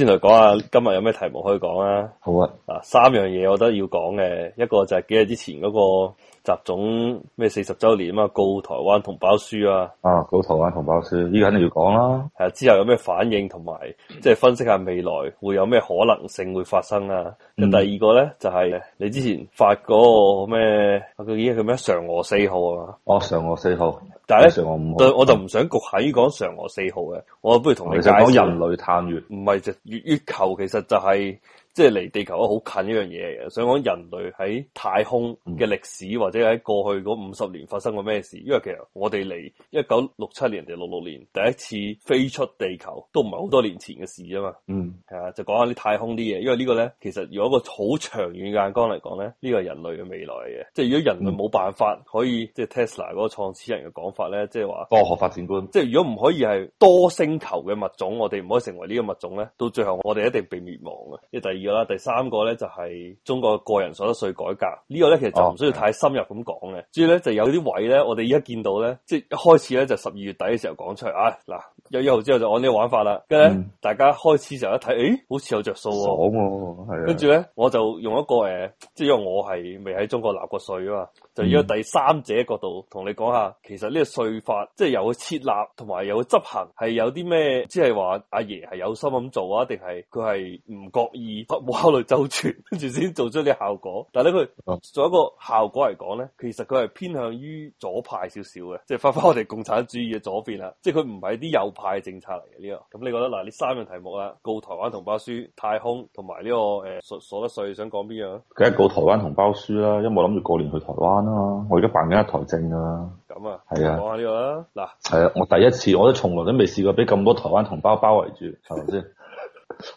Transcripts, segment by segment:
先嚟講下今日有咩題目可以講啊！好啊，嗱，三樣嘢我覺得要講嘅，一個就係幾日之前嗰個。習總咩四十周年啊，告台灣同胞書啊，啊告台灣同胞書，呢個肯定要講啦。係啊，之後有咩反應，同埋即係分析下未來會有咩可能性會發生啊。咁、嗯、第二個咧就係、是、你之前發嗰個咩，我已經叫咩嫦娥四號啊嘛。哦，嫦娥四號，哦、嫦娥五號但係咧，對，我我就唔想局限於講嫦娥四號嘅，我不如同你講人類探月，唔係就月月球其實就係、是。即係離地球好近一樣嘢，想講人類喺太空嘅歷史，嗯、或者喺過去嗰五十年發生過咩事？因為其實我哋嚟一九六七年定六六年第一次飛出地球，都唔係好多年前嘅事啊嘛。嗯，係啊，就講下啲太空啲嘢。因為個呢個咧，其實如果一個好長遠嘅眼光嚟講咧，呢個係人類嘅未來嘅，即係如果人類冇辦法可以，嗯、即係 Tesla 嗰個創始人嘅講法咧，即係話科學發展觀，即係如果唔可以係多星球嘅物種，我哋唔可以成為呢個物種咧，到最後我哋一定被滅亡嘅。即係第二。啦，第三個咧就係中國嘅個人所得稅改革，呢、這個咧其實就唔需要太深入咁講。嘅、哦。至於咧就有啲位咧，我哋依家見到咧，即係一開始咧就十二月底嘅時候講出嚟啊嗱。有一號之後就按呢個玩法啦，跟住、嗯、大家開始就一睇，誒、哎，好似有着數喎、哦，跟住咧我就用一個誒，即、呃、係因為我係未喺中國納過稅啊嘛，就依個第三者角度同你講下，嗯、其實呢個稅法即係由佢設立同埋由佢執行係有啲咩，即係話阿爺係有心咁做啊，定係佢係唔覺意冇考慮周全，跟住先做出呢個效果。但係呢佢做一個效果嚟講咧，其實佢係偏向於左派少少嘅，即係翻翻我哋共產主義嘅左邊啦，即係佢唔係啲右。派政策嚟嘅呢個，咁你覺得嗱？呢三樣題目啊，告台灣同胞書、太空同埋呢個誒，所、所得稅想講邊樣？梗係告台灣同胞書啦，因為我諗住過年去台灣啊嘛，我而家辦緊一台證噶啦。咁啊，係啊的，講下呢個啦。嗱的，係啊來，我第一次，我都從來都未試過俾咁多台灣同胞包圍住係咪先？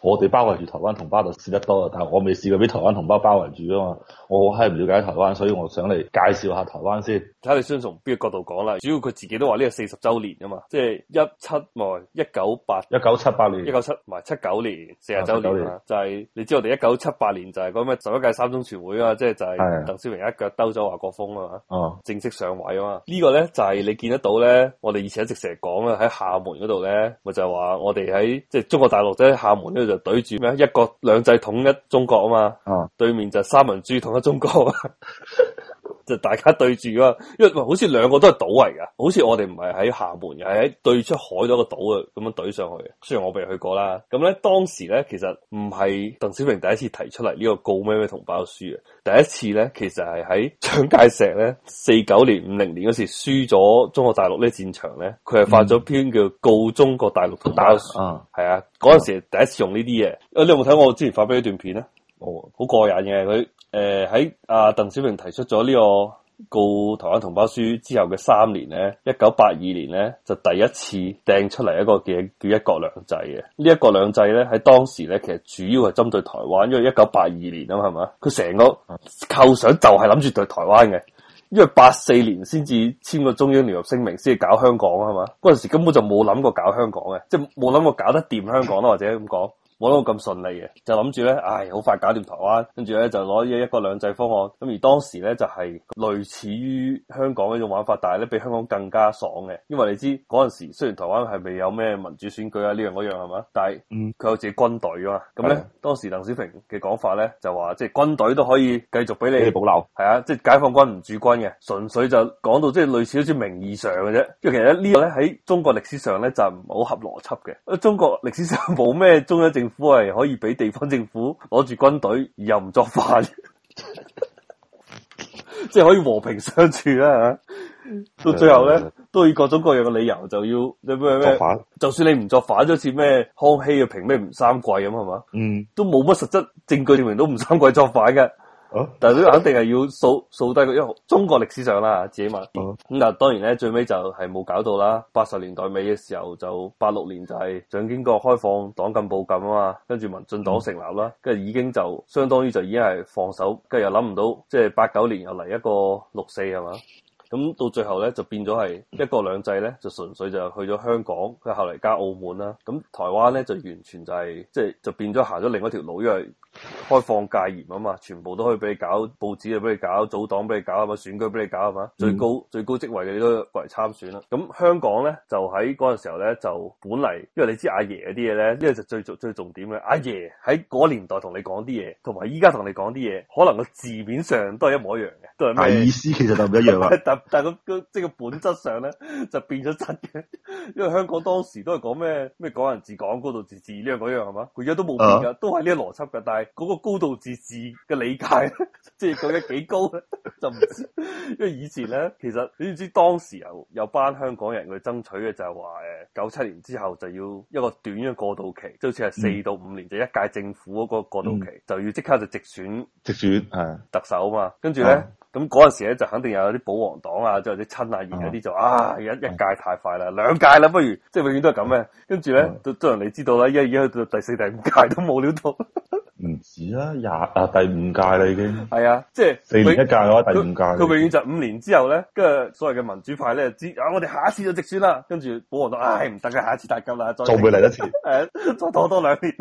我哋包圍住台灣同胞就試得多啦，但係我未試過俾台灣同胞包圍住啊嘛！我係唔了解台灣，所以我想嚟介紹下台灣先。睇下你先，從邊個角度講啦？主要佢自己都話呢個四十周年啊嘛，即係一七外一九八一九七八年一九七唔係七九年四十周年，年就係你知我哋一九七八年就係嗰咩十一屆三中全會啊嘛，即係就係鄧小平一腳兜走華國鋒啊嘛，哦、嗯，正式上位啊嘛！呢個咧就係你見得到咧，我哋以前一直成日講啦，喺廈門嗰度咧，咪就係話我哋喺即係中國大陸即喺廈門。呢度就懟住咩，一國兩制統一中國啊嘛，啊對面就三民主義統一中國。 啊就大家對住啦，因為好似兩個都係島嚟噶，好似我哋唔係喺廈門，係喺對出海咗個島啊，咁樣懟上去。雖然我未去過啦，咁咧當時咧其實唔係鄧小平第一次提出嚟呢個告咩咩同胞書啊，第一次咧其實係喺蔣介石咧四九年五零年嗰時輸咗中國大陸呢戰場咧，佢係發咗篇叫《告中國大陸同胞書》嗯、啊，係啊，嗰陣、啊嗯、時第一次用呢啲嘢。誒，你有冇睇我之前發俾你段片咧？哦，好過癮嘅，佢誒喺阿鄧小平提出咗呢、這個告台灣同胞書之後嘅三年咧，一九八二年咧就第一次掟出嚟一個嘅叫，叫一國兩制嘅。呢一國兩制咧喺當時咧其實主要係針對台灣，因為一九八二年啊係嘛，佢成個構想就係諗住對台灣嘅，因為八四年先至簽個中英聯合聲明先至搞香港啊係嘛，嗰陣時根本就冇諗過搞香港嘅，即係冇諗過搞得掂香港啦，或者咁講。冇得咁順利嘅，就諗住咧，唉，好快搞掂台灣，跟住咧就攞一國兩制方案。咁而當時咧就係類似於香港嗰種玩法，但係咧比香港更加爽嘅，因為你知嗰陣時雖然台灣係未有咩民主選舉啊呢樣嗰樣係嘛，但係佢有自己軍隊啊嘛。咁咧當時鄧小平嘅講法咧就話，即係軍隊都可以繼續俾你保留，係啊，即係解放軍唔駐軍嘅，純粹就講到即係類似好似名義上嘅啫。因為其實呢呢個咧喺中國歷史上咧就唔係好合邏輯嘅，中國歷史上冇咩中央政 政府係可以俾地方政府攞住軍隊，而又唔作反， 即係可以和平相處啦吓、啊。到最後咧， 都以各種各樣嘅理由就要咩咩，反就算你唔作反，就好似咩康熙啊，平咩吳三桂咁係嘛？嗯，都冇乜實質證據證明都吳三桂作反嘅。啊、但係都肯定係要掃掃低一個一，中國歷史上啦，自己問，咁、啊、但係當然咧，最尾就係冇搞到啦。八十年代尾嘅時候就，就八六年就係蔣經國開放黨禁報禁啊嘛，跟住民進黨成立啦、啊，跟住已經就相當於就已經係放手，跟住又諗唔到，即係八九年又嚟一個六四係嘛。咁到最後咧，就變咗係一國兩制咧，就純粹就去咗香港，佢後嚟加澳門啦。咁台灣咧就完全就係即係就變咗行咗另一條路，因為開放戒嚴啊嘛，全部都可以俾你搞報紙，又俾你搞組黨，俾你搞啊嘛，選舉俾你搞啊嘛，最高、嗯、最高、最高職位嘅你都過嚟參選啦。咁香港咧就喺嗰陣時候咧就本嚟，因為你知阿爺啲嘢咧，因為就最重最重點嘅阿爺喺嗰年代同你講啲嘢，同埋依家同你講啲嘢，可能個字面上都係一模一樣嘅，都係咩意思其實就唔一樣啦。 但係咁，即係個本質上咧，就變咗質嘅。因為香港當時都係講咩咩港人治港，高度自治呢樣嗰樣係嘛，佢而家都冇變噶，都係呢一邏輯噶。但係嗰個高度自治嘅理解， 即係講得幾高咧，就唔知。因為以前咧，其實你知當時有有班香港人去爭取嘅就係話，誒九七年之後就要一個短嘅過渡期，即好似係四到五年，就一屆政府嗰個過渡期，就要即刻就直選，直選係特首啊嘛。跟住咧，咁嗰陣時咧就肯定有啲保皇黨啊，或者親啊，而嗰啲就啊一一屆太快啦，兩屆啦，不如即係永遠都係咁嘅。跟住咧，都都人你知道啦，依家而家到第四第五屆都冇料到，唔止啦，廿啊第五屆啦已經。係啊，即係四年一屆嘅話，他第五屆佢永遠就五年之後咧，跟住所謂嘅民主派咧，知啊我哋下一次就直選啦。跟住保皇黨，唉唔得嘅，下一次大金啦，再仲會嚟一次，誒 再拖多，多兩年。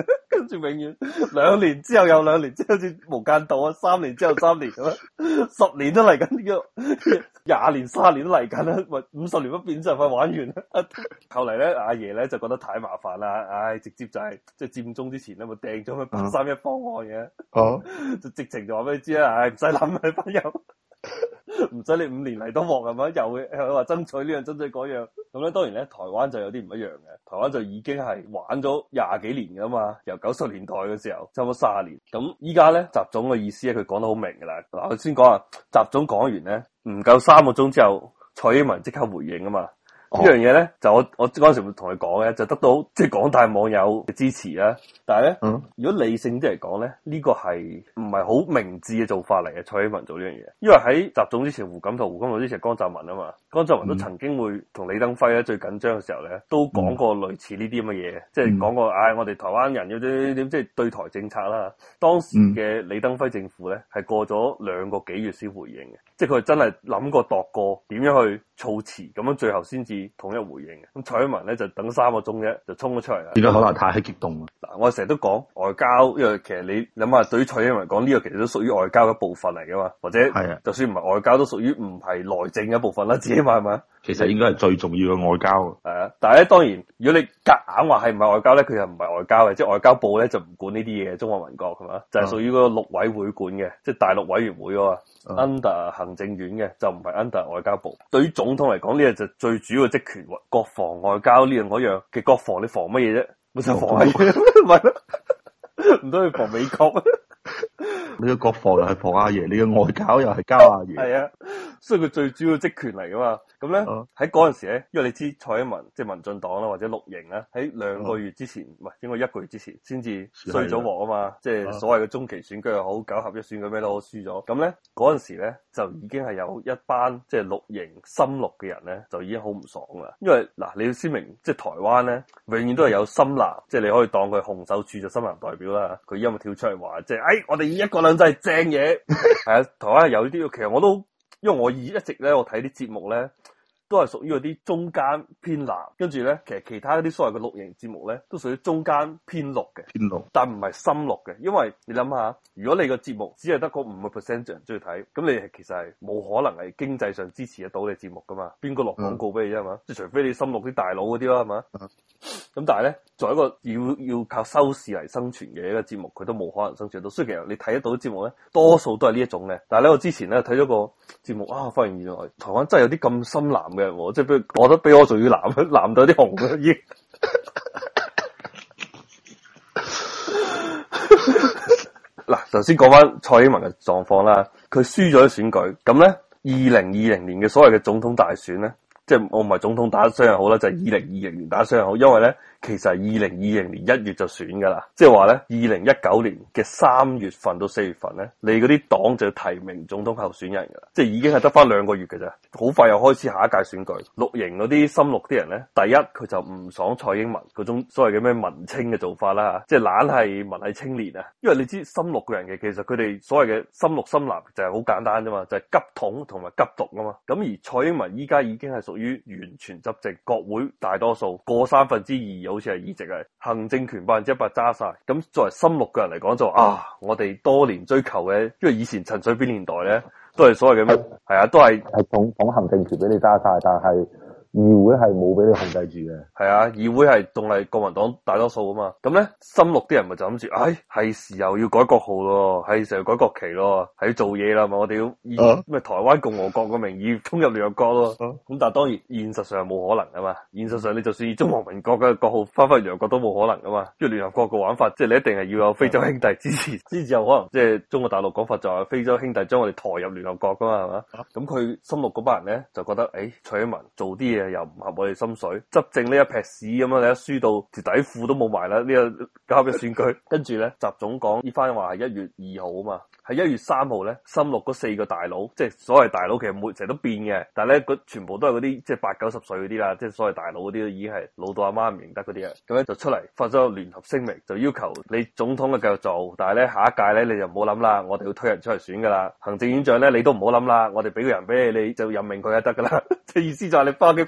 跟住永遠兩年之後又兩年之後，即係好似無間道啊！三年之後三年咁啊，十年都嚟緊呢個廿年、卅年都嚟緊啦，喂，五十年都變就快玩完啦、啊。後嚟咧，阿爺咧就覺得太麻煩啦，唉、哎，直接就係即係佔中之前咧，咪掟咗八三一方案嘅，哦、啊， 就直情就話俾你知啦，唉、哎，唔使諗啦，朋友。唔使 你五年嚟都忙，係咪？又又話爭取呢樣爭取嗰樣咁咧？ 當然咧，台灣就有啲唔一樣嘅。台灣就已經係玩咗廿幾年噶嘛，由九十年代嘅時候差唔多卅年。咁依家咧，習總嘅意思咧，佢講得好明噶啦。我先講啊，習總講完咧，唔夠三個鐘之後，蔡英文即刻回應啊嘛。樣呢樣嘢咧，就我我嗰陣時會同佢講咧，就得到即係廣大網友嘅支持啊！但係咧，嗯、如果理性啲嚟講咧，呢、這個係唔係好明智嘅做法嚟嘅？蔡英文做呢樣嘢，因為喺習總之前，胡錦濤、胡錦濤之前，江澤民啊嘛，江澤民都曾經會同李登輝咧，最緊張嘅時候咧，都講過類似呢啲咁嘅嘢，嗯、即係講過唉、哎，我哋台灣人點點點，即、就、係、是、對台政策啦。當時嘅李登輝政府咧，係過咗兩個幾月先回應嘅。即係佢真係諗過度過，點樣去措辭，咁樣最後先至統一回應嘅。咁蔡英文咧就等三個鐘啫，就衝咗出嚟啦。而家可能太激動啦。嗱，我成日都講外交，因為其實你諗下，對於蔡英文嚟講呢、呢個其實都屬於外交嘅部分嚟噶嘛，或者係啊，的就算唔係外交，都屬於唔係內政嘅部分啦，自己嘛係嘛。其實應該係最重要嘅外交。係啊，但係咧，當然，如果你夾硬話係唔係外交咧，佢又唔係外交，或者外，外交部咧就唔管呢啲嘢，中華民國係嘛，就係屬於嗰個陸委會管嘅，即係、嗯、大陸委員會啊嘛。under 行政院嘅就唔係 under 外交部。對於總統嚟講，呢個就最主要嘅職權，國防、外交呢樣嗰樣嘅國防，你防乜嘢啫？冇想防乜嘢，唔通去防美國？ 你個國防又係婆阿爺，你嘅外交又係交阿爺。係啊,所以佢最主要職權嚟噶嘛。咁咧喺嗰陣時咧，因為你知蔡英文即係、就是、民進黨啦，或者綠營咧，喺兩個月之前唔係、啊、應該一個月之前，先至衰咗鑊啊嘛。即係所謂嘅中期選舉又好，啊、九合一選舉咩都好，輸咗。咁咧嗰陣時咧就已經係有一班即係綠營深綠嘅人咧就已經好唔爽啦。因為嗱你要先明，即係台灣咧永遠都係有深藍，即係、嗯、你可以當佢洪秀柱就深藍代表啦。佢因為跳出嚟話，即係誒我哋要一個真係正嘢，係啊、 嗯！台灣有呢啲，其實我都因為我以一直咧，我睇啲節目咧。都係屬於嗰啲中間偏藍，跟住咧，其實其他啲所謂嘅錄影節目咧，都屬於中間偏綠嘅，偏綠，但唔係深綠嘅。因為你諗下，如果你個節目只係得嗰五個 percent 人中意睇，咁你係其實係冇可能係經濟上支持得到你節目噶嘛？邊個落廣告俾你啫嘛？即係、嗯、除非你深綠啲大佬嗰啲啦，係嘛？咁、嗯、但係咧，作為一個要要靠收視嚟生存嘅一個節目，佢都冇可能生存到。所以其實你睇得到嘅節目咧，多數都係呢一種咧。但係咧，我之前咧睇咗個節目啊，發現原來台灣真係有啲咁深藍嘅。我即係比，我覺得比我仲要藍，藍到啲紅嘅已經。嗱，頭先講翻蔡英文嘅狀況啦，佢輸咗選舉，咁咧，二零二零年嘅所謂嘅總統大選咧。即係我唔係總統打傷又好啦，就係二零二零年打傷又好，因為咧其實係二零二零年一月就選噶啦，即係話咧二零一九年嘅三月份到四月份咧，你嗰啲黨就要提名總統候選人噶啦，即係已經係得翻兩個月嘅啫，好快又開始下一屆選舉。綠營嗰啲深綠啲人咧，第一佢就唔爽蔡英文嗰種所謂嘅咩文青嘅做法啦，即係懶係文藝青年啊，因為你知深綠嘅人嘅，其實佢哋所謂嘅深綠深藍就係好簡單啫，就是，嘛，就係急統同埋急獨啊嘛，咁而蔡英文依家已經係屬於。於完全執政，國會大多數過三分之二，好似係議席係行政權百分之一百揸晒。咁作為深綠嘅人嚟講，就啊，我哋多年追求嘅，因為以前陳水扁年代咧，都係所謂嘅，咩是？係啊，都係係統統行政權俾你揸晒，但係。議會係冇俾佢控制住嘅，係啊，議會係仲係國民黨大多數啊嘛，咁咧深綠啲人咪就諗住，唉、哎，係時候要改國號咯，係時候改國旗咯，係要，要做嘢啦，嘛。我哋要以咩、啊、台灣共和國嘅名義沖入聯合國咯，咁、啊、但係當然現實上冇可能啊嘛，現實上你就算以中華民國嘅國號翻翻去聯合國都冇可能噶嘛，即係聯合國個玩法，即、就、係、是、你一定係要有非洲兄弟支持，支持又可能即係、就是、中國大陸講法就話非洲兄弟將我哋抬入聯合國噶嘛，係嘛，咁佢、啊、深綠嗰班人咧就覺得，誒、哎哎，蔡英文做啲嘢。又唔合我哋心水，執政呢一撇屎咁樣！你一輸到條底褲都冇埋啦，呢、這個今日嘅選舉， 跟住咧習總講呢番話係一月二號啊嘛，係一月三號咧，深綠嗰四個大佬，即係所謂大佬，其實每成日都變嘅，但係咧全部都係嗰啲即係八九十歲嗰啲啦，即係所謂大佬嗰啲，已經係老到阿媽唔認得嗰啲啊，咁樣就出嚟發咗個聯合聲明，就要求你總統嘅繼續做，但係咧下一屆咧你就唔好諗啦，我哋要推人出嚟選噶啦，行政院長咧你都唔好諗啦，我哋俾個人俾你，你就任命佢就得噶啦，即 係意思就係你包嘅。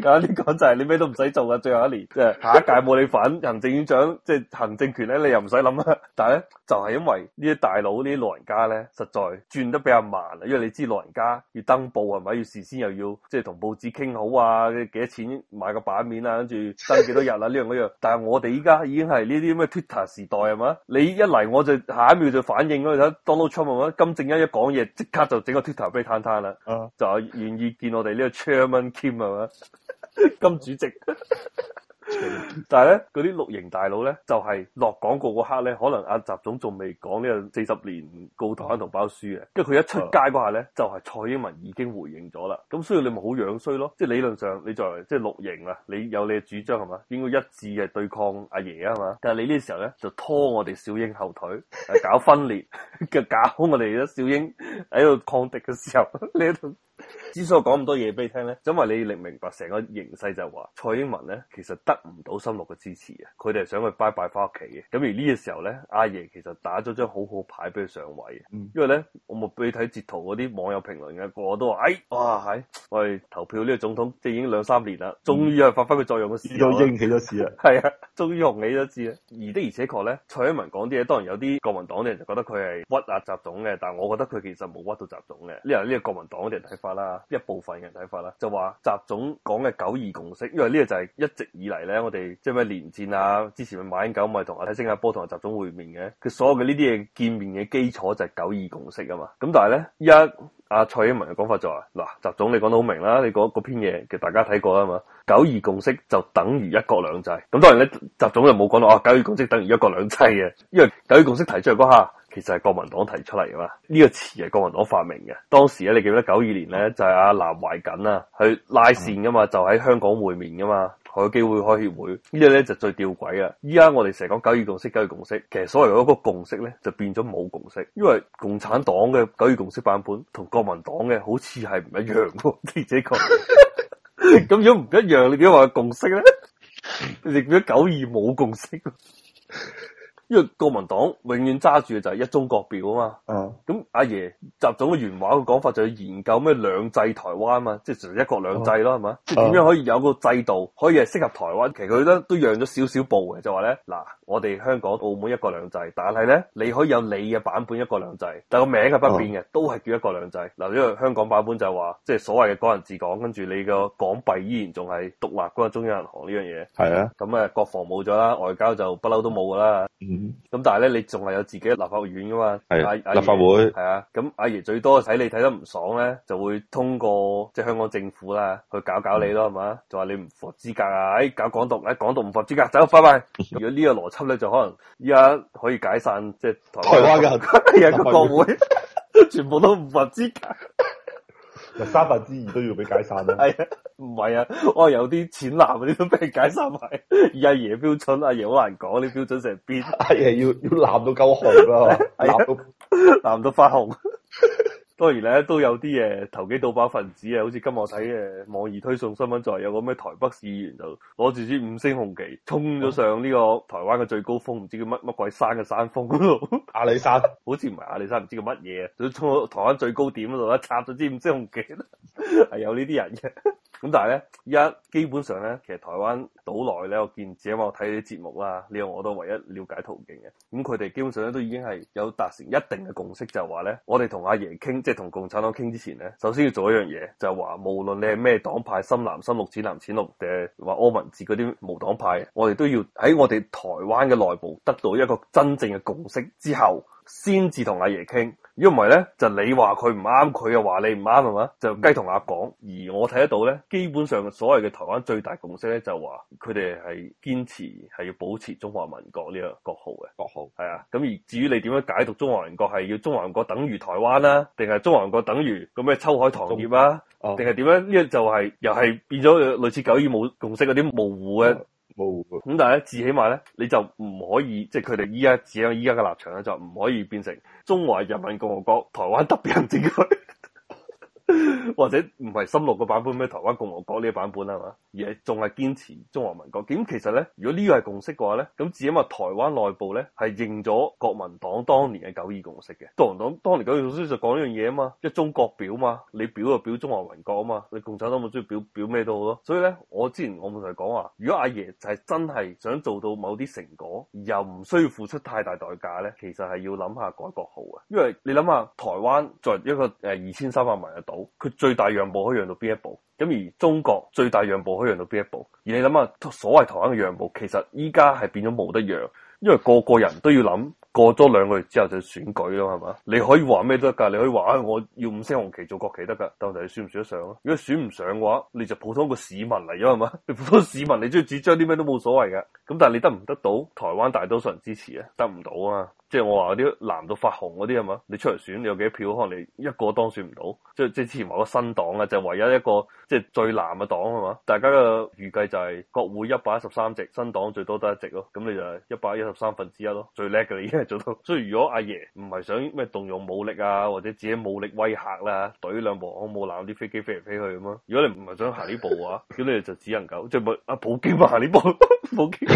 講呢講就係你咩都唔使做噶，最後一年即係、就是、下一屆冇你份行政院長，即、就、係、是、行政權咧，你又唔使諗啦。但係咧就係、是、因為呢啲大佬呢啲老人家咧，實在轉得比較慢啊。因為你知老人家要登報係咪？要事先又要即係同報紙傾好啊，幾多錢買個版面啊，跟住登幾多日啊呢樣嗰樣。但係我哋依家已經係呢啲咩 Twitter 時代係嘛？你一嚟我就下一秒就反應咯。睇 Donald Trump 係嘛？金正恩一講嘢，即刻就整個 Twitter 俾攤攤啦。啊、uh，huh. 就願意見我哋呢個 Chairman Kim 係嘛？ 金主席 但呢，但係咧，嗰啲綠營大佬咧，就係落廣告嗰刻咧，可能阿習總仲未講呢個四十年告台灣同胞書嘅，跟住佢一出街嗰下咧，就係、是、蔡英文已經回應咗啦。咁所以你咪好樣衰咯，即係理論上你作為即係綠營啊，你有你嘅主張係嘛，應該一致嘅對抗阿爺啊嘛，但係你呢時候咧就拖我哋小英後腿，搞分裂，搞我哋小英喺度抗敵嘅時候咧。 之所以我講咁多嘢俾你聽咧，因為你明唔明白成個形勢就係、是、話蔡英文咧，其實得唔到心樂嘅支持嘅，佢哋係想去拜拜 e 翻屋企嘅。咁而呢個時候咧，阿爺其實打咗張好好牌俾佢上位，嗯、因為咧我冇俾你睇截圖嗰啲網友評論嘅，個個都話，哎，哇，喺、哎，我哋投票呢個總統，即已經兩三年啦，終於係發揮個作用嘅事，終於興起咗事啦，係啊，終於、 啊、紅起咗事啦。而的而且確咧，蔡英文講啲嘢，當然有啲國民黨啲人就覺得佢係屈壓雜種嘅，但係我覺得佢其實冇屈到雜種嘅。呢樣呢個國民黨啲人睇法。啦，一部分嘅人睇法啦，就話習總講嘅九二共識，因為呢個就係一直以嚟咧，我哋即係咩連戰啊，之前咪馬英九咪同阿睇新加坡，同阿習總會面嘅，佢所有嘅呢啲嘢見面嘅基礎就係九二共識啊嘛，咁但係咧一阿蔡英文嘅講法就話、是，嗱，習總你講得好明啦，你嗰嗰篇嘢其實大家睇過啊嘛，九二共識就等於一國兩制，咁當然咧，習總就冇講到哦，九二共識等於一國兩制嘅，因為九二共識提出嚟嗰下。其實係國民黨提出嚟噶嘛？呢個詞係國民黨發明嘅。當時咧，你記得九二年咧就係阿南懷瑾啊去拉線噶嘛，就喺香港會面噶嘛，海基會、海協會。呢啲咧就最吊詭啊！依家我哋成日講九二共識，九二共識，其實所謂嗰個共識咧就變咗冇共識，因為共產黨嘅九二共識版本同國民黨嘅好似係唔一樣嘅記者講，咁樣唔一樣，你點解話共識咧？你變咗九二冇共識。 因為國民黨永遠揸住嘅就係一中各表啊嘛，咁阿爺習總嘅原話個講法就係研究咩兩制台灣啊嘛，即係就一國兩制咯係嘛，即係點樣可以有個制度可以係適合台灣？其實佢咧都讓咗少少步嘅，就話咧嗱，我哋香港澳門一國兩制，但係咧你可以有你嘅版本一國兩制，但個名係不變嘅，都係叫一國兩制。嗱，因為香港版本就係話即係所謂嘅港人治港，跟住你個港幣依然仲係獨立，嗰個中央銀行呢樣嘢，係啊，咁啊國防冇咗啦，外交就不嬲都冇噶啦。咁但係咧，你仲係有自己嘅立法院噶嘛？係是爺立法會，係啊。咁阿爺最多睇你睇得唔爽咧，就會通過即係、就是、香港政府啦，去搞搞你咯，係嘛、嗯？就話你唔符合資格啊，誒、哎，搞港獨，誒，港獨唔符合資格，走，拜拜。 如果個邏輯呢個邏輯咧，就可能依家可以解散即係、就是、台灣嘅嘅國會， 全部都唔符合資格。三分之二都要俾解散啦，係啊，唔係啊，我有啲淺藍嗰啲都俾人解散埋，而阿爺標準，阿爺好難講啲標準成邊，阿爺、 啊、要要藍到夠紅咯， 啊、藍到 藍到發紅。 當然咧，都有啲嘢投機倒把分子啊，好似今日我睇嘅網易推送新聞，就係有個咩台北市議員就攞住支五星紅旗衝咗上呢個台灣嘅最高峰，唔知叫乜乜鬼山嘅山峰度，阿里山， 好似唔係阿里山，唔知叫乜嘢，就衝到台灣最高點嗰度，插一插咗支五星紅旗啦，係 有呢啲人嘅。咁但係咧，依家基本上咧，其實台灣島內咧，我見只因為我睇啲節目啦，呢個我都唯一了解途徑嘅。咁佢哋基本上咧都已經係有達成一定嘅共識，就係話咧，我哋同阿爺傾，即係同共產黨傾之前咧，首先要做一樣嘢，就係話無論你係咩黨派，深藍、深綠、淺藍、淺綠，嘅，話柯文哲嗰啲無黨派，我哋都要喺我哋台灣嘅內部得到一個真正嘅共識之後，先至同阿爺傾。如果唔係咧，你就你話佢唔啱，佢又話你唔啱係嘛？就雞同鴨講。而我睇得到咧，基本上所謂嘅台灣最大共識咧，就話佢哋係堅持係要保持中華民國呢個國號嘅國號係啊。咁而至於你點樣解讀中華民國係要中華民國等於台灣啦，啊，定係中華民國等於咁嘅秋海棠葉啊？定係點咧？哦、樣呢就係、是、又係變咗類似九二冇共識嗰啲模糊嘅。哦咁但係咧，至少起碼咧，你就唔可以，即係佢哋依家只有依家嘅立場咧，就唔可以變成中華人民共和國台灣特別行政區。 或者唔係深綠個版本咩？台灣共和國呢個版本係嘛？而係仲係堅持中華民國。咁其實咧，如果呢個係共識嘅話咧，咁至因為台灣內部咧係認咗國民黨當年嘅九二共識嘅？國民黨當年九二共識就講呢樣嘢啊嘛，一中各表嘛，你表就表中華民國啊嘛，你共產黨冇中意表表咩都好咯。所以咧，我之前我咪就係講話，如果阿爺就係真係想做到某啲成果，又唔需要付出太大代價咧，其實係要諗下改國號啊，因為你諗下台灣作為一個誒二千三百萬嘅島。最大讓步可以讓到邊一步？咁而中國最大讓步可以讓到邊一步？而你諗下，所謂台灣嘅讓步，其實依家係變咗冇得讓，因為個個人都要諗過咗兩個月之後就選舉咯，係嘛？你可以話咩得噶，你可以話我要五星紅旗做國旗得噶，到底你選唔選得上咯？如果選唔上嘅話，你就普通個市民嚟咗係嘛？你普通市民你中意主張啲咩都冇所謂噶，咁但係你得唔得到台灣大多數人支持啊？得唔到啊？即係我話啲藍到發紅嗰啲係嘛，你出嚟選，你有幾票可能你一個當選唔到，即係即係之前話個新黨啊，就是、唯一一個即係最藍嘅黨係嘛，大家嘅預計就係國會一百一十三席，新黨最多得一席咯，咁你就一百一十三分之一咯，最叻嘅已經做到。所以如果阿爺唔係想咩動用武力啊，或者自己武力威嚇啦、啊，懟兩部航空母艦啲飛機飛嚟飛，飛去咁嘛？如果你唔係想行呢步啊，咁 你就只能夠即係咪阿普京行呢步，普京。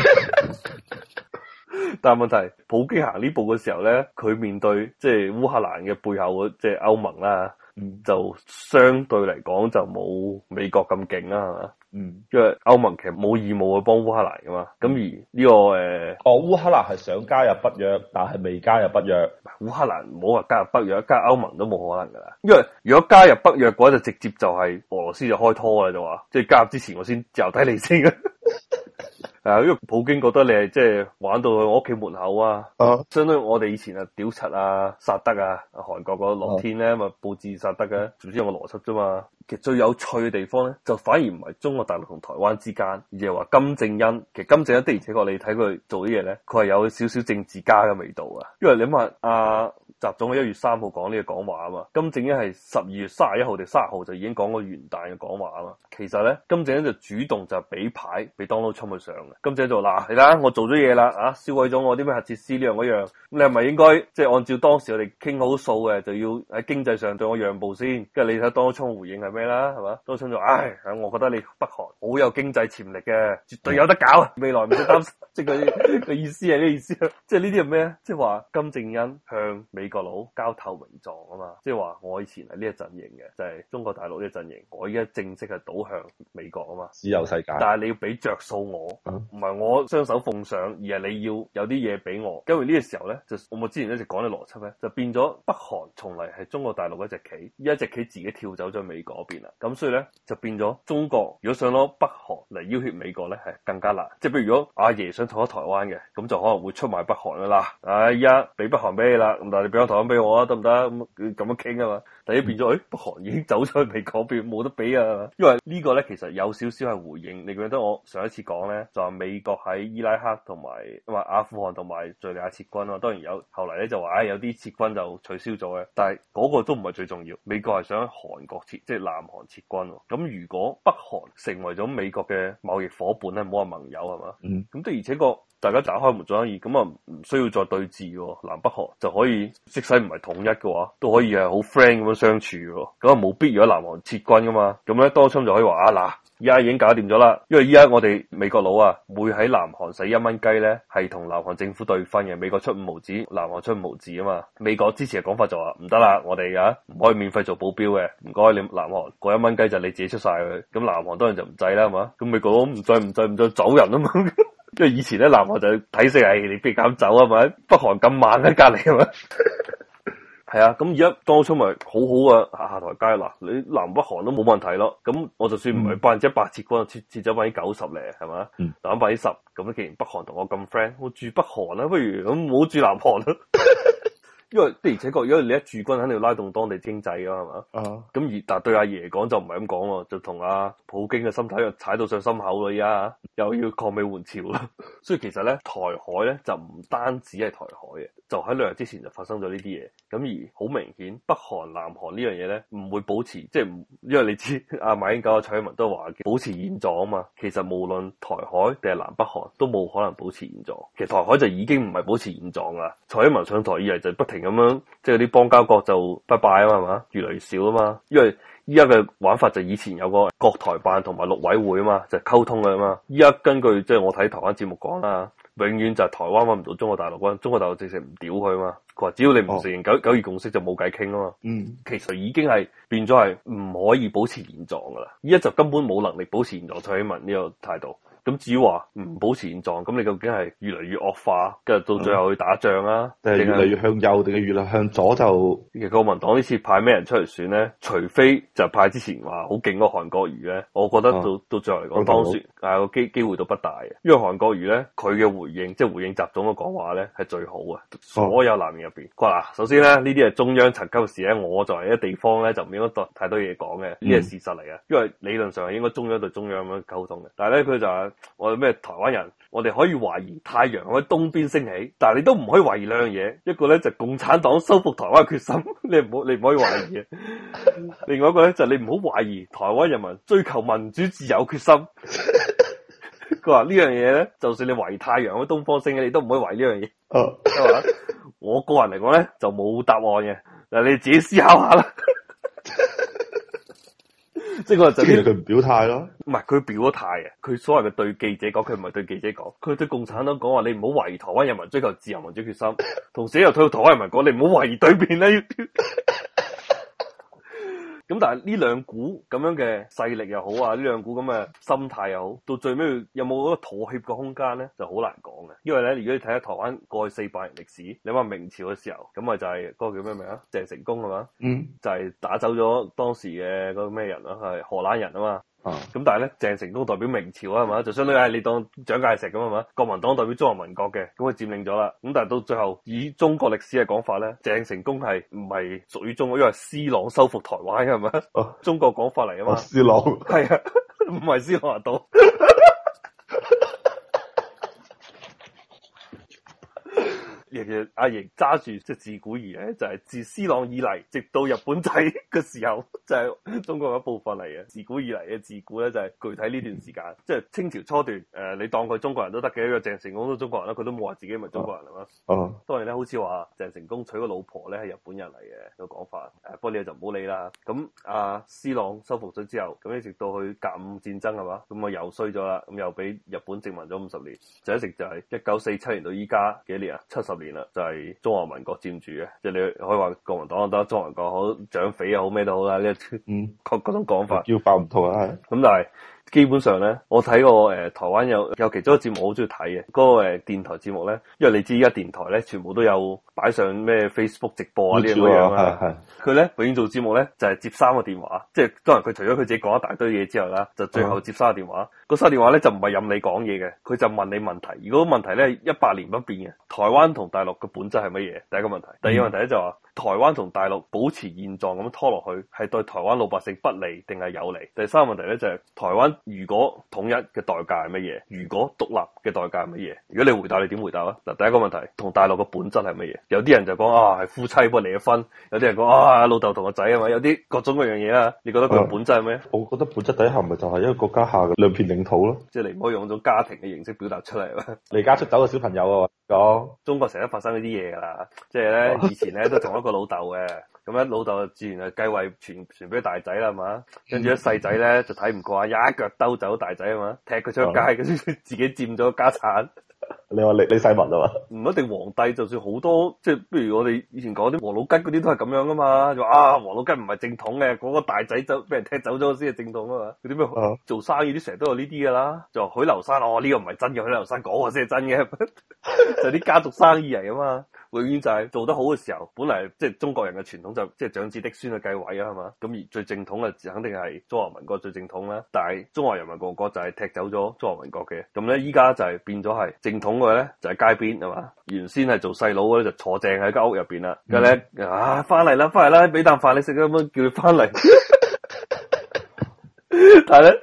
但係問題，普京行呢步嘅時候咧，佢面對即係烏克蘭嘅背後即係歐盟啦，嗯、就相對嚟講就冇美國咁勁啦，係嘛？嗯，因為歐盟其實冇義務去幫烏克蘭噶嘛，咁而呢、這個誒，呃、哦，烏克蘭係想加入北約，但係未加入北約。烏克蘭唔好話加入北約，加入歐盟都冇可能噶啦，因為如果加入北約嘅話，就直接就係俄羅斯就開拖啦，就話即係加入之前我先㩒低你先。 誒，因為普京覺得你係即係玩到去我屋企門口啊，啊，相當於我哋以前屌啊屌柒啊薩德啊，韓國個樂天咧咪布置薩德嘅，總之有個邏輯啫嘛。其實最有趣嘅地方咧，就反而唔係中國大陸同台灣之間，而係話金正恩。其實金正恩的而且確你睇佢做啲嘢咧，佢係有少少政治家嘅味道啊。因為你諗下啊。習總喺一月三號講呢個講話啊嘛，金正恩係十二月卅一號定卅號就已經講過元旦嘅講話啊嘛，其實咧金正恩就主動就俾牌俾 Donald Trump 去上嘅，金正恩就嗱你睇，我做咗嘢啦啊，燒毀咗我啲咩核設施呢樣嗰樣，你係咪應該即係按照當時我哋傾好數嘅，就要喺經濟上對我讓步先？跟住你睇 Donald Trump 回應係咩啦？係嘛？Donald Trump 就話：唉、哎，我覺得你北韓好有經濟潛力嘅，絕對有得搞，未來唔使擔心。即係佢意思係咩意思，即係呢啲係咩？即係話金正恩向美。個佬交投名狀啊嘛，即係話我以前係呢個陣營嘅，就係、是、中國大陸呢個陣營，我依家正式係倒向美國啊嘛，自由世界。但係你要俾着數我，唔係我雙手奉上，而係你要有啲嘢俾我。跟住呢個時候咧，就我之前一直講嘅邏輯咧，就變咗北韓從嚟係中國大陸一隻棋，一隻棋自己跳走咗美國嗰邊啦。咁所以咧就變咗中國如果想攞北韓嚟要挾美國咧，係更加難。即係譬如如果阿爺想統咗台灣嘅，咁就可能會出賣北韓噶啦。哎呀，俾北韓俾你啦，咁但係你俾。台灣俾我啊，得唔得？咁咁樣傾啊嘛，但係變咗，誒、哎，北韓已經走咗去美國嗰邊，冇得俾啊，因為個呢個咧其實有少少係回應。你記得我上一次講咧，就係、是、美國喺伊拉克同埋唔係阿富汗同埋敘利亞撤軍啊。當然有，後嚟咧就話，誒、哎，有啲撤軍就取消咗嘅。但係嗰個都唔係最重要，美國係想喺韓國撤，即係南韓撤軍，啊。咁如果北韓成為咗美國嘅貿易伙伴咧，唔好話盟友係嘛，咁的而且個。大家打開門就可以，咁啊唔需要再對峙。南北韓就可以，即使唔係統一嘅話，都可以係好 friend 咁樣相處。咁啊冇必要喺南韓撤軍噶嘛。咁咧，當初就可以話：啊嗱，依、啊、家已經搞掂咗啦。因為依家我哋美國佬啊，會喺南韓使一蚊雞咧，係同南韓政府對分嘅。美國出五毫子，南韓出五毫子啊嘛。美國之前嘅講法就話唔得啦，我哋啊唔可以免費做保鏢嘅，唔該你南韓過一蚊雞就你自己出晒佢。咁南韓當然就唔制啦，係嘛？咁美國佬唔制，唔制，唔制，走人啊嘛？ 因為以前咧，南韓就睇死，哎，你俾揀走啊，咪北韓咁猛喺隔籬啊，係 啊，咁而家當初咪好好啊，下下台階嗱，你南北韓都冇問題咯，咁我就算唔係百分之一百撤軍，撤咗百分之九十咧，係咪，留翻啲十，咁、嗯、既然北韓同我咁 friend，我住北韓啦、啊，不如咁我住南韓啦。 因為的而且確，因為你一駐軍肯定要拉動當地經濟㗎，係嘛？啊、uh！咁、huh. 而但對阿爺講就唔係咁講喎，就同阿、啊、普京嘅心態又踩到上心口啦，而家又要抗美援朝啦。 所以其實咧，台海咧就唔單止係台海嘅，就喺兩日之前就發生咗呢啲嘢。咁而好明顯，北韓、南韓呢樣嘢咧唔會保持，即係唔因為你知阿、啊、馬英九阿、啊、蔡英文都話保持現狀啊嘛。其實無論台海定係南北韓都冇可能保持現狀。其實台海就已經唔係保持現狀啦。蔡英文上台以嚟就不停。咁樣即係啲邦交國就拜拜啊嘛，越嚟越少啊嘛，因為依家嘅玩法就以前有個國台辦同埋陸委會啊嘛，就溝、是、通嘅嘛。依家根據即係我睇台灣節目講啦，永遠就係台灣揾唔到中國大陸啊，中國大陸直情唔屌佢啊嘛。佢話只要你唔承認九、哦、九二共識就冇偈傾啊嘛。嗯，其實已經係變咗係唔可以保持現狀噶啦，依家就根本冇能力保持現狀。蔡英文呢個態度。咁至於話唔保持現狀，咁你究竟係越嚟越惡化，跟住到最後去打仗啊？定係、嗯、是越嚟越向右，定係越嚟向左就？其實國民黨呢次派咩人出嚟選咧？除非就派之前話好勁嗰韓國瑜咧，我覺得到、啊、到最後嚟講、嗯、當選，但係個機機會都不大嘅，因為韓國瑜咧佢嘅回應即係回應習總嘅講話咧係最好嘅，所有南面入邊嗱。啊、首先咧呢啲係中央層級嘅事咧，我作為一個地方咧就唔應該多太多嘢講嘅，呢係事實嚟嘅，因為理論上係應該中央對中央咁樣溝通嘅，但係咧佢就係、是。我哋咩台灣人，我哋可以懷疑太陽可喺東邊升起，但係你都唔可以懷疑兩樣嘢，一個咧就是，共產黨收復台灣嘅決心，你唔好你唔可以懷疑啊。另外一個咧就是，你唔好懷疑台灣人民追求民主自由決心。佢話呢樣嘢咧，就算你懷疑太陽喺東方升起，你都唔可以懷疑呢樣嘢。啊、oh.，我個人嚟講咧就冇答案嘅，嗱你自己思考下啦。即係佢就係佢唔表態咯，唔係佢表咗態啊！佢所謂嘅對記者講，佢唔係對記者講，佢對共產黨講話，你唔好懷疑台灣人民追求自由民主決心，同時又對到台灣人民講，你唔好懷疑對面啦！ 咁但係呢兩股咁樣嘅勢力又好啊，呢兩股咁嘅心態又好，到最尾有冇嗰個妥協嘅空間咧，就好難講嘅。因為咧，如果你睇下台灣過去四百年歷史，你話明朝嘅時候，咁咪就係嗰個叫咩名啊？鄭成功係嘛？嗯，就係打走咗當時嘅嗰個咩人啊？係荷蘭人啊嘛。啊！咁、嗯、但係咧，鄭成功代表明朝啊，係嘛，就相當於係你當蔣介石咁啊嘛。國民黨代表中華民國嘅，咁佢佔領咗啦。咁但係到最後以中國歷史嘅講法咧，鄭成功係唔係屬於中國，因為施琅收復台灣嘅係咪？哦，啊、中國講法嚟啊嘛。施琅，係啊，唔係施琅都。 其實阿盈揸住即係自古以嚟，就係、是、自施琅以嚟，直到日本仔嘅時候，就係、是、中國嘅一部分嚟嘅。自古以嚟嘅自古咧，就係具體呢段時間，即係清朝初段。誒、呃，你當佢中國人都得嘅，因為鄭成功都中國人啦，佢都冇話自己唔係中國人啊嘛。哦、啊，當然咧，好似話鄭成功娶個老婆咧係日本人嚟嘅，有講法。誒、呃，不過你就唔好理啦。咁阿施琅收復咗之後，咁一直到去甲午戰爭係嘛，咁啊又衰咗啦，咁又俾日本殖民咗五十年，就一直就係一九四七年到依家幾年啊？七十。就係中華民國佔住嘅，即係你可以話國民黨得，中華民國好長肥又好咩都好啦，呢嗯各各種講法叫法唔同啊，咁但係。基本上咧，我睇過誒台灣有有其中一個節目，我好中意睇嘅，嗰個誒電台節目咧，因為你知而家電台咧，全部都有擺上咩 Facebook 直播，啊呢樣，咁嘅樣，係係佢咧，永遠做節目咧就係、是、接三個電話，即、就、係、是、當然佢除咗佢自己講一大堆嘢之後啦，就最後接三個電話。個三個電話咧就唔係任你講嘢嘅，佢就問你問題。如果問題咧一百年不變嘅，台灣同大陸嘅本質係乜嘢？第一個問題，第二個問題咧就話、是。嗯台灣同大陸保持現狀咁拖落去，係對台灣老百姓不利定係有利？第三個問題呢，就係台灣如果統一嘅代價係乜嘢？如果獨立嘅代價係乜嘢？如果你回答，你點回答啊？嗱，第一個問題，同大陸嘅本質係乜嘢？有啲人就講啊，係夫妻不離咗婚；有啲人講啊，老豆同個仔啊嘛。有啲各種各樣嘢啊，你覺得佢本質係咩？我覺得本質底下咪就係一個國家下嘅兩片領土咯，即係你唔可以用種家庭嘅形式表達出嚟啦。離家出走嘅小朋友啊！講、oh. 中國成日發生呢啲嘢噶啦，即係咧以前咧都同一個老豆 一老豆嘅，咁咧老豆自然就繼位傳傳俾大仔啦，係嘛，跟住咧細仔咧就睇唔過，一腳兜走大仔係嘛，踢佢出街，佢、oh. 自己佔咗家產。你話李李世民啊嘛？唔一定皇帝，就算好多，即係譬如我哋以前講啲王老吉嗰啲都係咁樣噶嘛？就話啊，王老吉唔係正統嘅，嗰個大仔就俾人踢走咗先係正統啊嘛？嗰啲咩？做生意啲成日都有呢啲噶啦，就許留山哦，呢個唔係真嘅，許留山講啊先係真嘅，就啲家族生意嚟啊嘛，永遠就係做得好嘅時候，本嚟即係中國人嘅傳統就即係長子嫡孫嘅繼位啊，係嘛？咁而最正統嘅就肯定係中華民國最正統啦。但係中華人民共和國就係踢走咗中華民國嘅，咁咧依家就係變咗係正統。因為咧就喺、是、街邊係嘛？原先係做細佬嘅咧就坐正喺間屋入邊啦。咁咧、嗯、啊，翻嚟啦，翻嚟啦，俾啖飯你食啊，咁叫你翻嚟。 但係咧，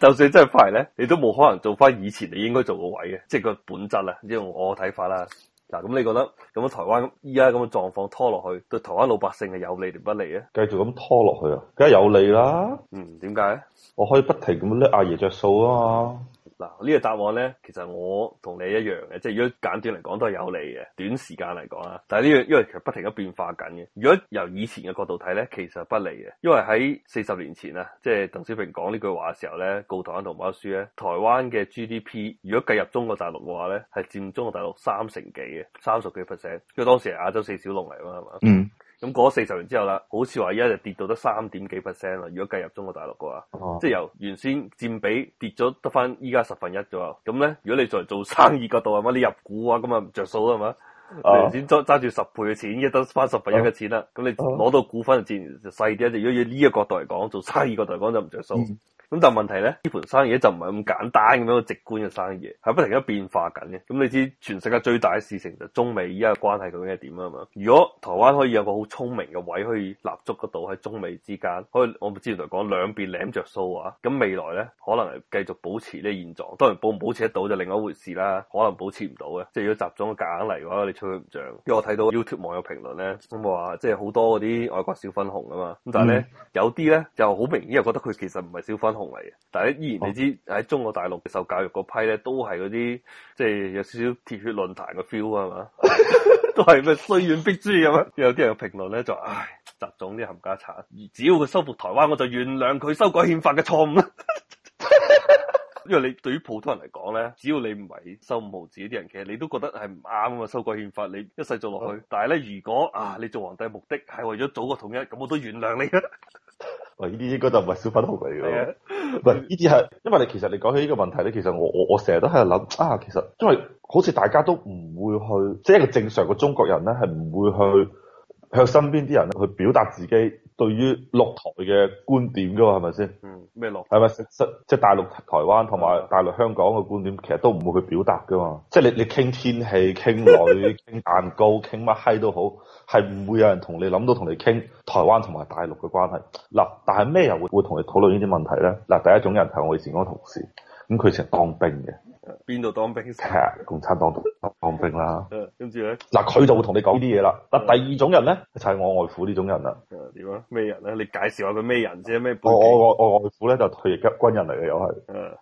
就算真係翻嚟咧，你都冇可能做翻以前你應該做嘅位嘅，即係個本質啦。用我睇法啦。嗱、啊，咁你覺得咁台灣咁依家咁嘅狀況拖落去，對台灣老百姓係有利定不利啊？繼續咁拖落去啊，梗係有利啦。嗯，點解咧？我可以不停咁搦阿爺着數啊嘛。嗱呢個答案咧，其實我同你一樣嘅，即係如果簡短嚟講都係有利嘅，短時間嚟講啊，但係呢樣因為其實不停咁變化緊嘅。如果由以前嘅角度睇咧，其實不利嘅，因為喺四十年前啊，即係鄧小平講呢句話嘅時候咧，告台灣同胞書咧，台灣嘅 GDP 如果計入中國大陸嘅話咧，係佔中國大陸三成幾嘅，三十幾 percent，因為當時係亞洲四小龍嚟啦嘛，係咪？嗯。咁過咗四十年之後啦，好似話依家就跌到得三點幾 percent 啦。如果計入中國大陸嘅話，啊、即係由原先佔比跌咗得翻依家十分一左右。咁咧，如果你在做，做生意角度啊，乜你入股啊，咁啊唔着數啊係咪？原先揸揸住十倍嘅錢，依家得翻十分一嘅錢啦。咁你攞到股份自然就細啲。如果要呢一個角度嚟講，做生意角度嚟講就唔着數。嗯咁但係問題咧，呢盤生意就唔係咁簡單咁樣一個直觀嘅生意，係不停咁變化緊嘅。咁你知全世界最大嘅事情就中美依家嘅關係究竟係點啊嘛？如果台灣可以有個好聰明嘅位可以立足嗰度喺中美之間，可以我之前嚟講兩邊舐着數啊。咁未來咧可能係繼續保持呢個現狀，當然保唔保持得到就另外一回事啦。可能保持唔到嘅，即係如果集中個夾硬嚟嘅話，你吹佢唔漲。因為我睇到 YouTube 網友評論咧，咁話即係好多嗰啲外國小粉紅啊嘛。咁但係咧、嗯、有啲咧就好明顯因為覺得佢其實唔係小粉紅。紅嚟嘅，但係依然你知喺中國大陸受教育嗰批咧，都係嗰啲即係有少少鐵血論壇嘅 feel 啊嘛，都係咩雖遠必誅咁樣。有啲人嘅評論咧就，唉，習總啲冚家鏟，而只要佢收復台灣，我就原諒佢修改憲法嘅錯誤啦。 因為你對於普通人嚟講咧，只要你唔係收五毛子啲人，其實你都覺得係唔啱啊嘛，修改憲法你一世做落去。嗯、但係咧，如果啊你做皇帝目的係為咗祖國統一，咁我都原諒你啊。 喂，呢啲 應該就唔係小粉紅嚟嘅，唔係呢啲係，因為你其實你講起呢個問題咧，其實我我我成日都喺度諗啊，其實因為好似大家都唔會去，即係一個正常嘅中國人咧，係唔會去向身邊啲人去表達自己。對於陸台嘅觀點噶喎，係咪先？嗯，咩陸？係咪實即係大陸、台灣同埋大陸、香港嘅觀點，其實都唔會去表達噶嘛。即係你你傾天氣、傾女、傾 蛋糕、傾乜閪都好，係唔會有人同你諗到同你傾台灣同埋大陸嘅關係。嗱，但係咩人會會同你討論呢啲問題咧？嗱，第一種人係我以前嗰個同事，咁佢成日當兵嘅。邊度當兵？ 共產黨當當兵啦。跟住咧，嗱佢就會同你講呢啲嘢啦。嗱，第二種人咧，就係、是、我， 我，我，我外父呢種、就是、人啦。誒，點樣？咩人咧？你介紹下佢咩人啫？咩？我我我外父咧就退役軍人嚟嘅，又係。誒，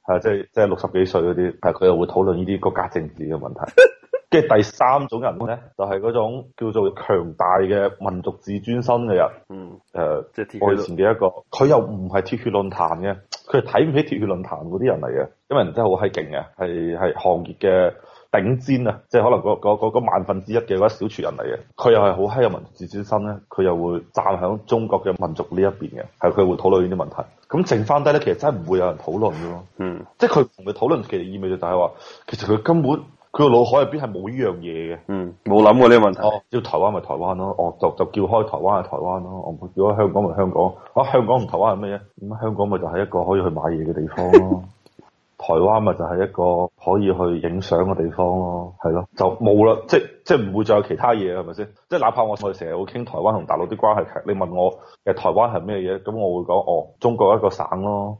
係即係即係六十幾歲嗰啲，係佢又會討論呢啲國家政治嘅問題。 即係第三種人咧，就係、是、嗰種叫做強大嘅民族自尊心嘅人。嗯，誒、呃，我以前嘅一個，佢又唔係鐵血論壇嘅，佢係睇唔起鐵血論壇嗰啲人嚟嘅，因為人真係好閪勁嘅，係係行業嘅頂尖啊，即、就、係、是、可能、那個、那個那個那個那個萬分之一嘅嗰啲小撮人嚟嘅，佢又係好閪有民族自尊心咧，佢又會站喺中國嘅民族呢一邊嘅，係佢會討論呢啲問題。咁剩翻低咧，其實真係唔會有人討論嘅咯。嗯，即係佢同佢討論意，其實意味就係話，其實佢根本。佢個腦海入邊係冇呢樣嘢嘅，嗯，冇諗過呢、這個問題。要、哦、台灣咪台灣咯，哦，就就叫開台灣係台灣咯，我唔叫開香港咪香港。啊，香港同台灣係咩嘢？咁、嗯、香港咪就係一個可以去買嘢嘅地方咯， 台灣咪就係一個可以去影相嘅地方咯，係咯，就冇啦，即即唔會再有其他嘢係咪先？即哪怕我同我成日會傾台灣同大陸啲關係，你問我誒台灣係咩嘢，咁我會講哦，中國一個省咯。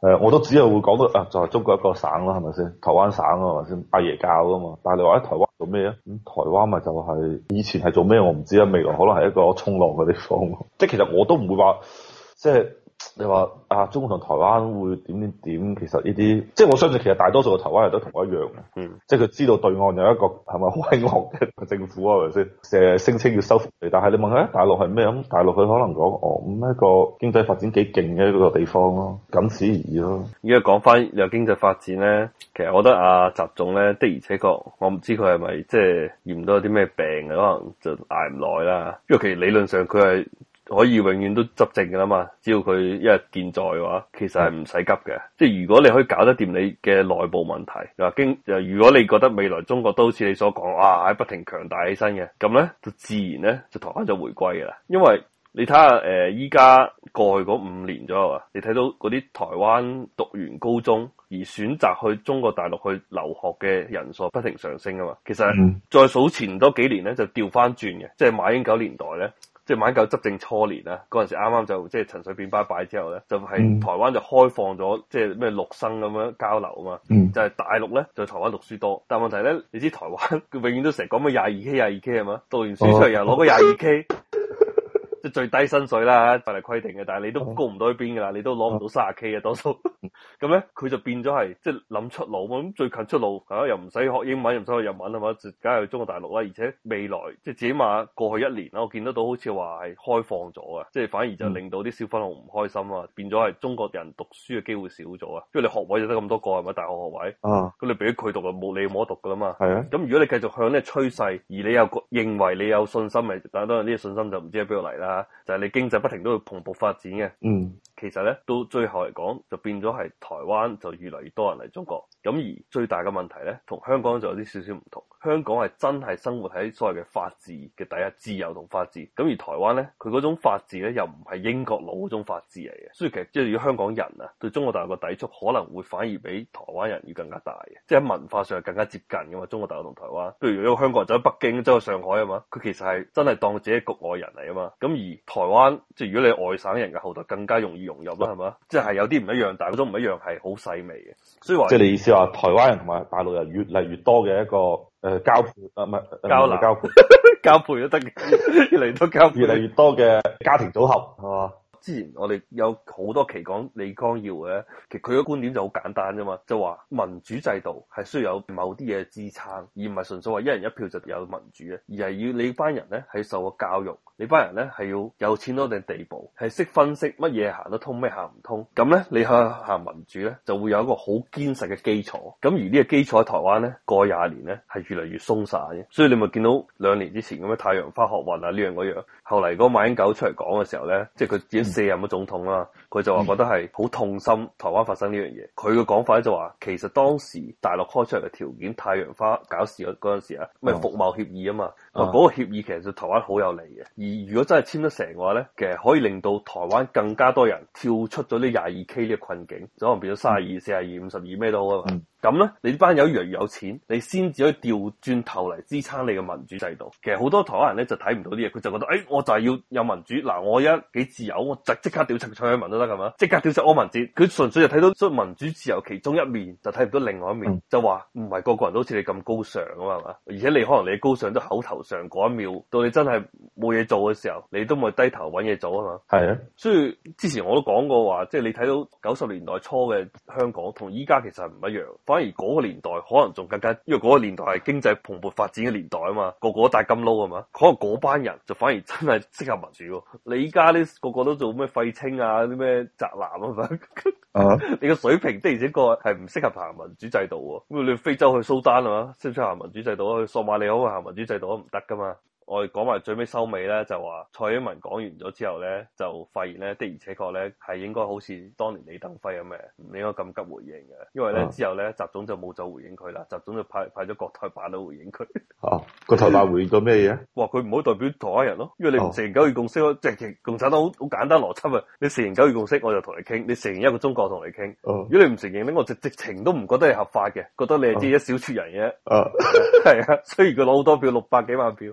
誒、呃，我都只係會講到啊，就係、是、中國一個省啦，係咪先？台灣省啊，係咪先？阿爺教啊嘛，但係你話喺台灣做咩啊？咁、嗯、台灣咪就係以前係做咩我唔知啊，未來可能係一個衝浪嘅地方，即 係其實我都唔會話即係。就是你話啊，中國同台灣會點點點？其實呢啲，即係我相信，其實大多數嘅台灣人都同我一樣嘅，嗯，即係佢知道對岸有一個係咪好兇惡嘅政府啊？係咪先？成日聲稱要收復你。但係你問下大陸係咩咁？大陸佢可能講哦，咁一個經濟發展幾勁嘅一個地方咯，僅此而已咯。而家講翻有經濟發展咧，其實我覺得啊，習總咧的而且確，確我，我唔知佢係咪即係染到有啲咩病啊，可能就捱唔耐啦。因為其實理論上佢係。可以永遠都執政嘅啦嘛，只要佢一日健在嘅話，其實係唔使急嘅。嗯、即係如果你可以搞得掂你嘅內部問題，嗱，經，如果你覺得未來中國都好似你所講，哇、啊，喺不停強大起身嘅，咁咧就自然咧就台灣就回歸嘅啦。因為你睇下誒，依、呃、家過去嗰五年左右啊，你睇到嗰啲台灣讀完高中而選擇去中國大陸去留學嘅人數不停上升嘅嘛。其實、嗯、再數前多幾年咧，就調翻轉嘅，即係馬英九年代咧。即係馬英九執政初年啦，嗰陣時啱啱就即係陳水扁拜拜之後咧，就係台灣就開放咗，即係咩陸生咁樣交流啊嘛，嗯、就係大陸咧在台灣讀書多，但問題咧，你知台灣 永遠都成日講咩廿二 K 廿二 K 係嘛，讀完書出嚟又攞個廿二 K，哦。 即係最低薪水啦，法例規定嘅，但係你都高唔到去邊㗎啦，你都攞唔到卅 K 啊，多數咁咧，佢就變咗係即係諗出路啊！咁最近出路，嚇、啊、又唔使學英文，又唔使學日文啊嘛，就梗係去中國大陸啦。而且未來即係自己話過去一年啦，我見得到好似話係開放咗啊！即係反而就令到啲小粉紅唔開心啊，變咗係中國人讀書嘅機會少咗啊，因為你學位就得咁多個係咪？大學學位啊，咁你俾佢讀就冇你冇得讀㗎啦嘛。係啊的，咁如果你繼續向呢個趨勢，而你又認為你有信心，咪當然呢個信心就唔知喺邊度嚟啦。啊！就係你經濟不停都會蓬勃發展嘅。嗯。其實咧，到最後嚟講，就變咗係台灣就越嚟越多人嚟中國。咁而最大嘅問題咧，同香港就有啲少少唔同。香港係真係生活喺所謂嘅法治嘅底下，自由同法治。咁而台灣咧，佢嗰種法治咧又唔係英國佬嗰種法治嚟嘅。所以其實即係如果香港人啊，對中國大陸嘅抵觸可能會反而比台灣人要更加大嘅。即係文化上係更加接近嘅嘛，中國大陸同台灣。譬如如果香港人走喺北京、走喺上海啊嘛，佢其實係真係當自己局外人嚟啊嘛。咁而台灣即係如果你外省人嘅，後代更加容易。融入啦，係嘛？即係有啲唔一樣，但係嗰種唔一樣係好細微嘅，所以話即係你意思話台灣人同埋大陸人越嚟越多嘅一個誒、呃、交配啊唔係交流納交配 交配都得，越嚟多交越嚟越多嘅家庭組合，係嘛。之前我哋有好多期講李光耀嘅，其實佢個觀點就好簡單啫嘛，就話民主制度係需要有某啲嘢支撐，而唔係純粹話一人一票就有民主嘅，而係要你班人咧係受過教育，你班人咧係要有錢多定地步，係識分析乜嘢行得通，咩行唔通，咁咧你去行民主咧就會有一個好堅實嘅基礎。咁而呢個基礎喺台灣咧過廿年咧係越嚟越鬆散嘅，所以你咪見到兩年之前咁樣太陽花學運啊呢樣嗰樣，後嚟嗰個馬英九出嚟講嘅時候咧，即係佢只四任嘅總統啦，佢就話覺得係好痛心，台灣發生呢樣嘢。佢嘅講法咧就話，其實當時大陸開出嚟嘅條件，太陽花搞事嗰嗰陣時啊，咩服貿協議啊嘛，嗰、嗯、個協議其實對台灣好有利嘅。而如果真係簽得成嘅話咧，其實可以令到台灣更加多人跳出咗呢廿二 K 呢個困境，就可能變咗三十二、四十二、五十二咩都好啊嘛。嗯咁咧，你班友越嚟越有錢，你先至可以調轉頭嚟支撐你嘅民主制度。其實好多台灣人咧就睇唔到啲嘢，佢就覺得，誒、哎，我就係要有民主，嗱，我而家幾自由，我就即刻屌出蔡英文都得，係嘛？即刻屌出柯文哲，佢純粹就睇到民主自由其中一面，就睇唔到另外一面，嗯、就話唔係個個人都好似你咁高尚啊嘛，係嘛？而且你可能你高尚都口頭上嗰一秒，到你真係冇嘢做嘅時候，你都咪低頭揾嘢做啊嘛。係啊，的所以之前我都講過話，即、就、係、是、你睇到九十年代初嘅香港同依家其實係唔一樣。反而嗰個年代可能仲更加，因為嗰個年代係經濟蓬勃發展嘅年代啊嘛，個個都帶金撈啊嘛，可能嗰班人就反而真係適合民主喎。你依家呢個個都做咩廢青啊啲咩宅男啊咁， 啊 你個水平的而且確係唔適合行民主制度喎。你非洲去蘇丹啊嘛，適唔適合行民主制度？啊？去索馬利亞行民主制度都唔得㗎嘛。我哋講埋最尾收尾咧，就話蔡英文講完咗之後咧，就發現咧的而且確咧係應該好似當年李登輝咁嘅，唔應該咁急回應嘅。因為咧、嗯、之後咧習總就冇再回應佢啦，習總就派派咗國台辦嚟回應佢。哦，國台辦回應咗咩嘢？哇、 啊，佢唔好代表台灣人咯，因為你唔承認九二共識，直情共產黨好好簡單邏輯啊！你承認九二共識，我就同你傾；你承認一個中國，同你傾。哦、如果你唔承認咧，我直直情都唔覺得係合法嘅，覺得你係啲一小撮人嘅。啊，哦、啊， 雖然佢攞好多票，六百幾萬票。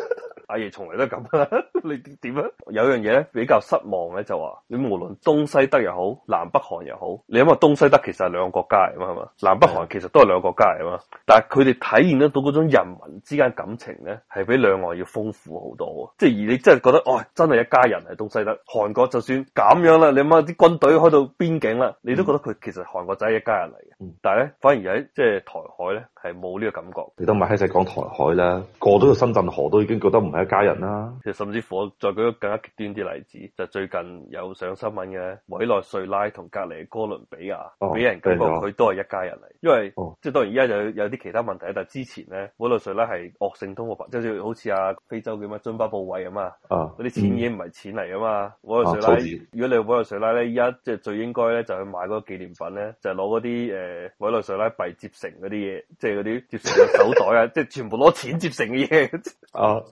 阿爺從來都係咁啦，你點樣？有樣嘢咧比較失望咧，就話你無論東西德又好，南北韓又好，你諗下東西德其實係兩個國家嚟嘛係嘛？南北韓其實都係兩個國家嚟嘛？但係佢哋體驗得到嗰種人民之間感情咧，係比兩岸要豐富好多。即係而你真係覺得，哦、哎，真係一家人係東西德。韓國就算咁樣啦，你諗下啲軍隊開到邊境啦，你都覺得佢其實韓國仔一家人嚟嘅。但係咧，反而喺即係台海咧係冇呢個感覺。你都唔係閪仔講台海啦，過到去深圳河都已經覺得唔係。一家人啦，其實甚至乎再舉個更加極端啲例子，就最近有上新聞嘅委內瑞拉同隔籬哥倫比亞俾人揭露佢都係一家人嚟，因為即係當然而家有有啲其他問題，但係之前咧委內瑞拉係惡性通貨膨脹，好似好似阿非洲咁啊津巴布韋啊嘛，嗰啲錢已經唔係錢嚟噶嘛。委內瑞拉如果你去委內瑞拉咧，依家即係最應該咧就去買嗰個紀念品咧，就攞嗰啲誒委內瑞拉幣摺成嗰啲嘢，即係嗰啲摺成嘅手袋啊，即係全部攞錢摺成嘅嘢啊。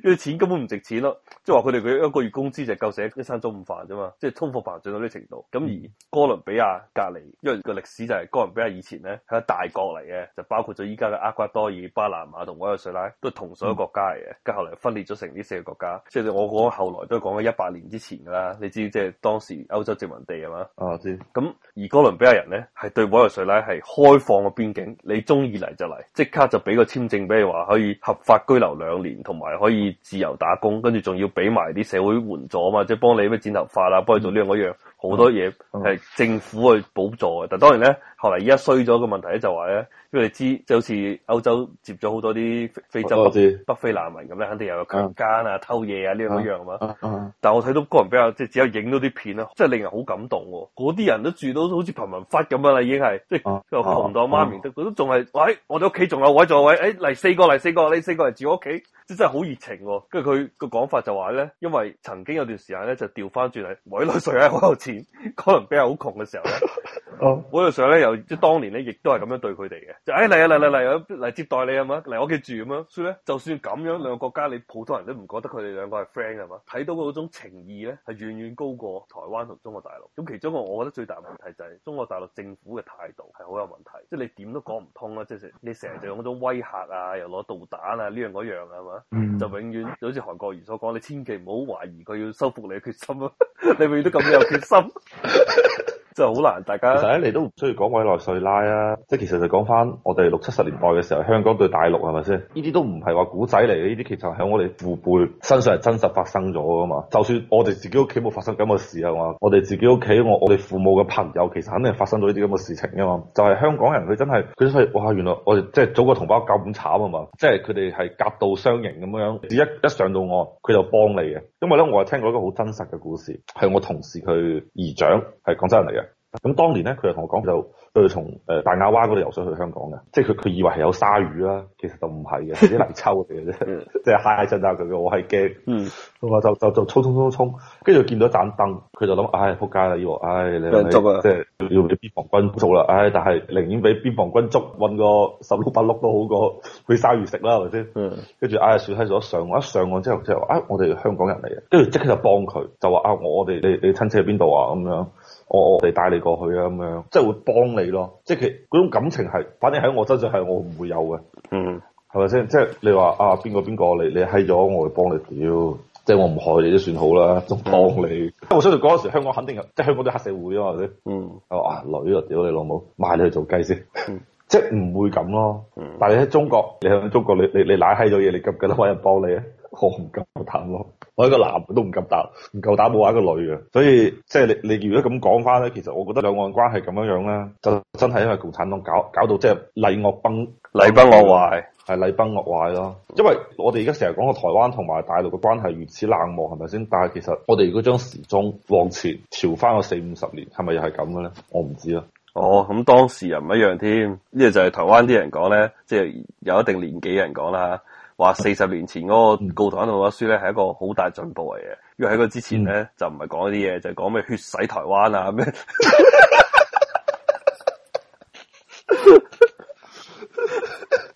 啲 錢根本唔值錢咯～即係話佢哋個一個月工資就係夠食一餐中午飯啫嘛，即係通貨膨脹到啲程度。咁、嗯、而哥倫比亞隔籬，因為個歷史就係哥倫比亞以前咧係一大國嚟嘅，就包括咗依家嘅厄瓜多爾、巴拿馬同委內瑞拉都同所有國家嚟嘅。咁、嗯、後嚟分裂咗成呢四個國家，即係我講後來都係講喺一百年之前噶啦。你知即係當時歐洲殖民地係嘛？哦、嗯，知、嗯。咁而哥倫比亞人咧係對委內瑞拉係開放嘅邊境，你中意嚟就嚟，即刻就俾個簽證，俾你話可以合法居留兩年，同埋可以自由打工，跟住仲要。俾埋啲社會援助啊嘛，即係幫你咩剪頭髮啊，幫你做呢樣嗰樣。好多嘢係政府去補助嘅，但係當然咧，後嚟而家衰咗個問題咧，就話咧，因為你知就好似歐洲接咗好多啲非洲北非難民咁咧，肯定又有強姦啊、嗯、偷嘢啊呢、嗯、樣一樣啊嘛。嗯、但係我睇到個人比較即係只有影到啲片咧，真係令人好感動喎、啊。嗰啲人都住到好似貧民窟咁樣啦，已經係即係又窮到媽咪，都仲係，喂、哎，我哋屋企仲有位座位，誒、哎、嚟四個嚟四,四個，你四個嚟住我屋企，即真係好熱情喎。跟住佢個講法就話咧，因為曾經有段時間咧就調翻轉嚟，委內瑞拉係好有錢。可能比較好窮嘅時候咧，我嘅上咧又即係當年咧，亦都係咁樣對佢哋嘅，就誒嚟啊，嚟嚟嚟啊，嚟接待你係嘛，嚟我屋企住咁咯。所以咧，就算咁樣兩個國家，你普通人都唔覺得佢哋兩個係 friend 係嘛，睇到嗰種情意咧係遠遠高過台灣同中國大陸。咁其中一個我覺得最大問題就係中國大陸政府嘅態度係好有問題，即係你點都講唔通啦，即係你成日就用嗰種威嚇啊，又攞導彈啊呢樣嗰樣啊嘛，mm. 就永遠就好似韓國瑜所講，你千祈唔好懷疑佢要收復你嘅決心啊。 你咪都咁有決心， 就好難。大家其實你都唔需要講委內瑞拉啊，即係其實就講返我哋六七十年代嘅時候，香港對大陸係咪先？呢啲都唔係話古仔嚟嘅，呢啲其實喺我哋父輩身上係真實發生咗噶嘛。就算我哋自己屋企冇發生咁嘅事啊嘛，我哋自己屋企，我我哋父母嘅朋友其實肯定發生咗呢啲咁嘅事情噶嘛。就係、是、香港人佢真係，佢都係哇，原來我哋即係祖國同胞咁慘啊嘛，即係佢哋係夾道相迎咁樣，只一一上到岸，佢就幫你嘅。咁咧，我又聽過一個好真實嘅故事，係我同事佢姨丈，係廣州人嚟嘅。咁當年咧，佢又同我講就……佢要從誒大亞灣嗰度游水去香港嘅，即係佢佢以為係有鯊魚啦，其實就唔係嘅，啲泥鰍嚟嘅啫， 嗯、即係嚇震下佢嘅，我係驚，我話、嗯、就就就衝衝衝衝，跟住見到一盞燈，佢就諗，唉、哎，撲街啦要，唉、哎，你捉即係要啲邊防軍捉啦，唉、哎，但係寧願俾邊防軍捉，揾個十碌八碌都好過俾鯊魚食啦，係咪先？跟住唉，笑喺咗上岸，一上岸之、哎哎、後即係話、啊，啊，我哋香港人嚟嘅，跟住即刻就幫佢，就話啊，啊，我哋你你親戚喺邊度啊咁樣，我我哋帶你過去啊咁樣，即係會幫你。咯，即係佢嗰種感情係，反正喺我身上係我唔會有嘅，嗯，係咪先？即係你話啊，邊個邊個，你你閪咗，我會幫你、嗯、你，你，屌！即係我唔害你都算好啦，仲幫你。我相信嗰陣時香港肯定有，即係香港啲黑社會啊，係咪？嗯，啊女啊，屌你，你老母，賣你去做雞先，嗯、即係唔會咁咯。但係你喺中國，你喺中國，你你你乸閪咗嘢，你急得揾人幫你啊？我唔夠膽咯，我一個男嘅都唔夠膽，唔夠膽冇話一個女嘅，所以即係你你如果咁講翻咧，其實我覺得兩岸關係咁樣樣咧，就真係因為共產黨搞搞到即係禮惡崩，禮崩樂壞係禮崩樂壞咯。因為我哋而家成日講個台灣同埋大陸嘅關係如此冷漠，係咪先？但係其實我哋如果將時鐘往前調翻個四五十年，係咪又係咁嘅咧？我唔知啦。哦，咁當事人唔一樣添，呢個就係台灣啲人講咧，即係有一定年紀人講啦。話四十年前嗰、嗰個《告台灣同胞書》咧，係一個好大進步嚟嘅，因為喺佢之前咧就唔係講啲嘢，就講咩、就係、血洗台灣啊咩。